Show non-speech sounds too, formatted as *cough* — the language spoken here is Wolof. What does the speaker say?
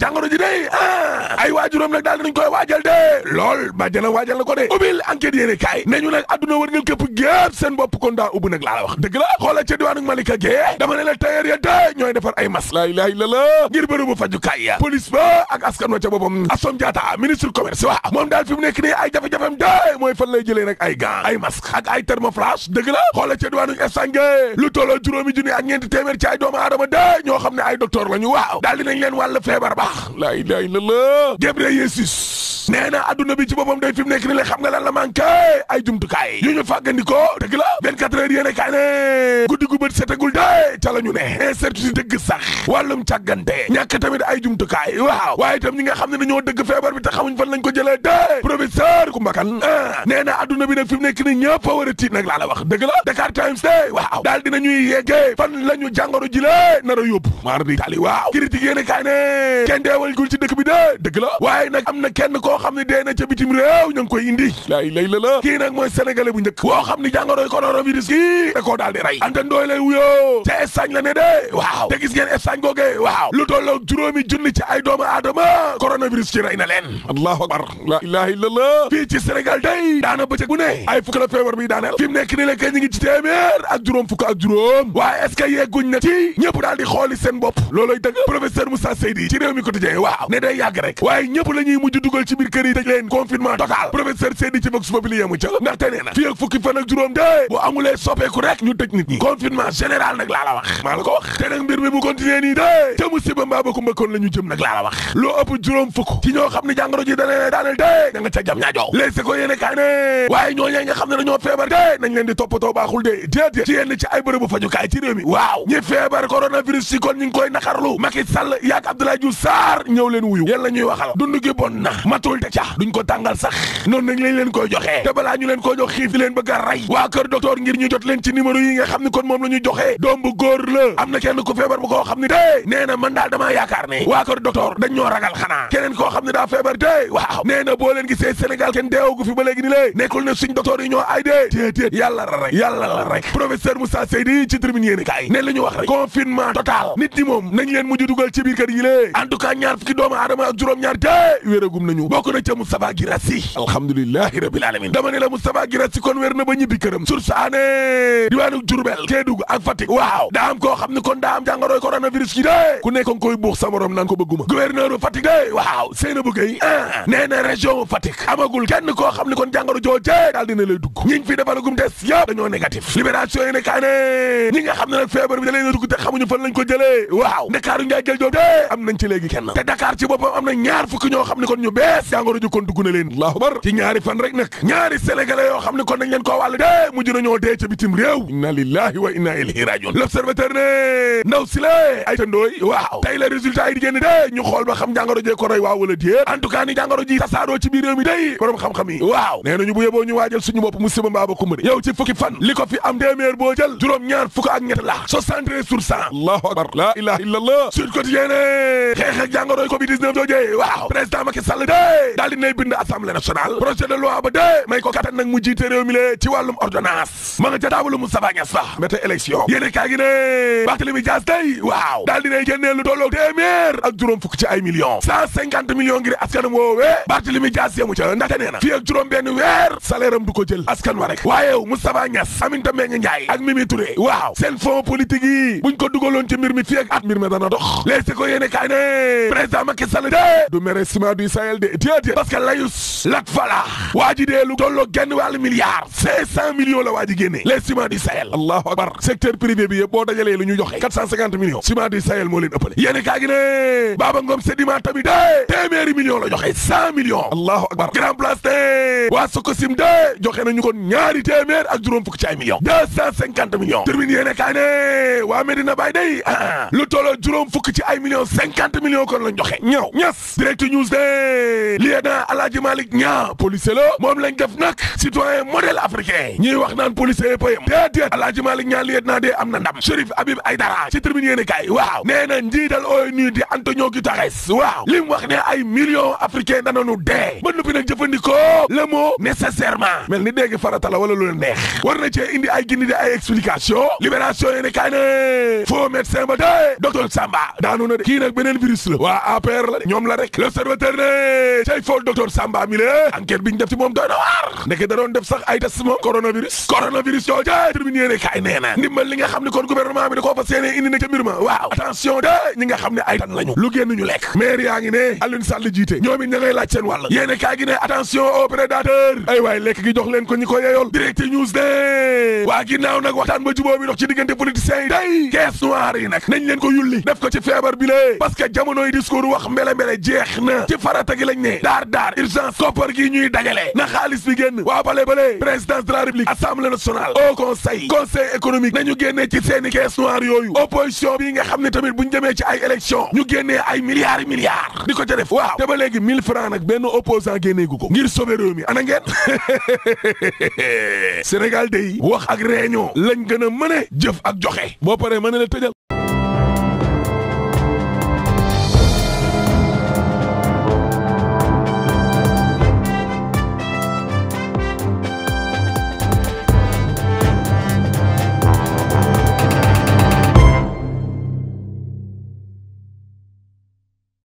jàngoro ji day ay waajuram nag daal dinañ koy waajal de lool bàjjana waajal na ko de ubbil enquête yéene kaay nañu nag adduna wër ngeen képp gépp seen bopp kon daa ubbi nag la wax dëgg la xoola ca diwaanu Malika gee dama ne la tailleur ya de ñooy defar ay mas laa ilaaha illallaah ngir bërëbu fajukaay ya police ba ak askan wa ca boppam Assome Diatta ministre commerce wa moom daal fi mu nekk nii ay jafe-jafem de mooy fan lay jëlee ay gants ay masque ak ay thermoflash dëgg xoola xam ne ay docteur la ñu waaw Ghebreyesus Laos nee na adduna bi ci boppam day fi mu nekk ni la xam nga lan la manqué ay jumtukaay yu ñu fàggandikoo dëgg la 24 heures yéene kaay ne guddi gu bët setagul de ca la ñu ne incertitude dëgg sax wàllum càggante ñàkk tamit ay jumtukaay waaw waaye itam ñi nga xam ne dañoo dëgg feebar bi te xamuñ fan lañ ko jëlee de professeur Coumba Kane ah. nee na bi nag fi mu nekk ni ñëpp a war a tiit nag laa la wax dëgg la Dakar Times de waaw daal dina ñuy yeggee fan la ñu jàngoro ji la nar a yóbbu maar di tali waaw critique yéene kaay ci dëkk bi de dëgg la waaye nag am na kenn ko boo xam ne dee na ca bitim réew ñu ngi koy indi laay lay la la kii nag mooy sénégalais bu njëkk boo xam ni jàngoroy coronavirus kii da koo daal di rey anta ndooy lay wuyoo ca Espagne la ne de waaw te gis ngeen Espagne googee waaw lu tolloo juróomi junni ci ay doomu aadama coronavirus ci rey na leen allahu akbar la ilaha illallah fii ci Sénégal day daana bëccëg bu ne ay fukk la feebar bi daaneel fi mu nekk ni la ñu ngi ci téeméer ak juróom fukk ak juróom na ci ñëpp di xooli seen bopp looloy dëgg professeur Moussa Seydi ci réew mi quotidien waaw ne biir kër yi tëj leen confinement total professeur Seydi ci bëgg suba bi li yemu na fii fukki fan juróom dee bu amulee soppeeku rek ñu tëj nit ñi confinement général nag laa la wax maa la ko wax te mbir mi bu continuer nii dee ca musiba mbaa baku mbëkkoon la jëm nag laa la wax loo ëpp juróom fukk ci ñoo xam ne jàngoro ji dane daaneel dee da ca jam ñaa jow léegi ko yéene ne waaye ñoo ñee nga xam ne dañoo feebar dee nañ leen di toppatoo bul te ca duñ ko tàngal sax noonu nag lañ leen koy joxee te balaa ñu leen koy jox xiif di leen bëgg a rey waa kër docteur ngir ñu jot leen ci numéro yi nga xam ne kon moom la ñu doom bu góor la am na kenn ku feebar bu koo xam ne tey nee man daal damaa yaakaar ne waa kër docteur dañ ñoo ragal xanaa keneen koo xam ne daa feebar tey waaw nee boo leen gisee Sénégal kenn deewagu fi ba léegi ni lée nekkul ne suñ docteur yi ñoo ay dee téetéet yàlla yàlla rek bokk na ca Moustapha Guirassy alhamdulilahi rabil alamin dama ne la Moustapha Guirassy kon wér na ba ñibbi këram sur saane diwaanu Diourbel Kédougou ak Fatick waaw daa am koo xam ne kon daa am jàngoroy coronavirus gi dee ku nekkoon koy buux sa naan ko bëgguma gouverneur Fatick dee waaw Seynabou Gueye ah nee na région Fatick amagul kenn koo xam ne kon jàngoro joojee daal dina lay dugg ñi fi defalagum a dugg te xamuñu fan lañ na ñaar fukki ñoo xam ne kon jàngoro kon dugg leen allahu bar ci ñaari fan rek nag ñaari sénégalais yoo xam ne kon nañ leen koo wàll dee mujj nañoo dee ca bitim réew inna lillahi wa inna ilayhi rajiun l'observateur ne ndaw si la ay tandooy waaw tey la résultat yi di génn de ñu xool ba xam jàngoro jee ko rey waaw wala déet en tout cas ni jàngoro ji tasaaroo ci biir mi day borom xam-xam waaw nee nañu bu yeboo ñu waajal suñu bopp musiba mbaa ba kumbari yow ci fukki fan li de daal di nay bind assemblée nationale projet de loi ba de may ko kattan nag mu jiite réew mi le ci wàllum ordonnance ma nga ca taabalu Moustapha Niass ba mété élection yéene kaa gi day waaw daal di nay génnee lu tolloog téeméer ak juróom fukk ci ay millions cent cinquante millions ngir askanam woowee Barthélémy Dias yemu ca ndaxte nee na fii ak juróom benn weer salaire du ko jël askan wa rek waaye Moustapha Niass Aminata Mbengue Ndiaye ak mi mi dana déedéet parce que layus lat fala waa ji dee lu tolloo genn wàllu milliard cinq cent la waa ji génnee les ciment allahu akbar secteur privé bi yëpp boo dajalee lu ñu joxe quatre cent cinquante millions ëppale yéeni kaa gi ne Baba Ngom Sedima tamit de téeméeri millions la joxe cent allahu akbar grand place de waa Sokosim de joxe nañu kon ñaari téeméer ak juróom fukk ay millions deux ah, kon lañ joxe ñëw ñes direct news de ne lieutenant Alaaji Malick Niang policier la moom lañ def nag citoyen modèle africain ñuy wax naan policier pëyam déedéet Alaaji Malick Niang lieutenant de am na ndam Chérif Habib Aïdara ci tribune yéene kaay waaw nee na njiital ONU di Antonio Guterres waaw li mu wax ne ay millions africain dananu dee ba noppi nag jëfandikoo le mot nécessairement mel ni dégg farata la wala lu neex war na cee indi ay gindi di ay explication libération yéene kaay ne faux médecin tey foo docteur Samba mi le enquête bi def ci moom doy ndeke da def sax ay moom coronavirus coronavirus yoo jee terminé yéene kaay nee ndimbal li nga xam ne kon gouvernement bi da koo fa séene indi na ca mbir ma waaw attention de ñi nga xam ne ay tan lañu lu génn lekk maire yaa ngi ne Alioune Sall jiite ñoom it ña laaj seen wàll yéene kaay gi ne attention au prédateur ay waay lekk gi jox leen ko ñi ko yeyool direct news de waa ginnaaw ko yulli def ko ne daar daar urgence koppar gi ñuy dajale na xaalis bi génn waa bale bale présidence de la république assemblée nationale au conseil conseil économique nañu génnee ci seeni caisse noire yooyu opposition bi nga xam ne tamit bu ñu jëmee ci ay élection ñu génnee ay milliards yi di ko ca def waaw te ba léegi mille francs nag benn opposant génnee ko ngir sauver réew mi ana ngeen *laughs* Sénégal day wax ak réunion lañ gën a mën a jëf ak joxe boo paree mën na la tëjal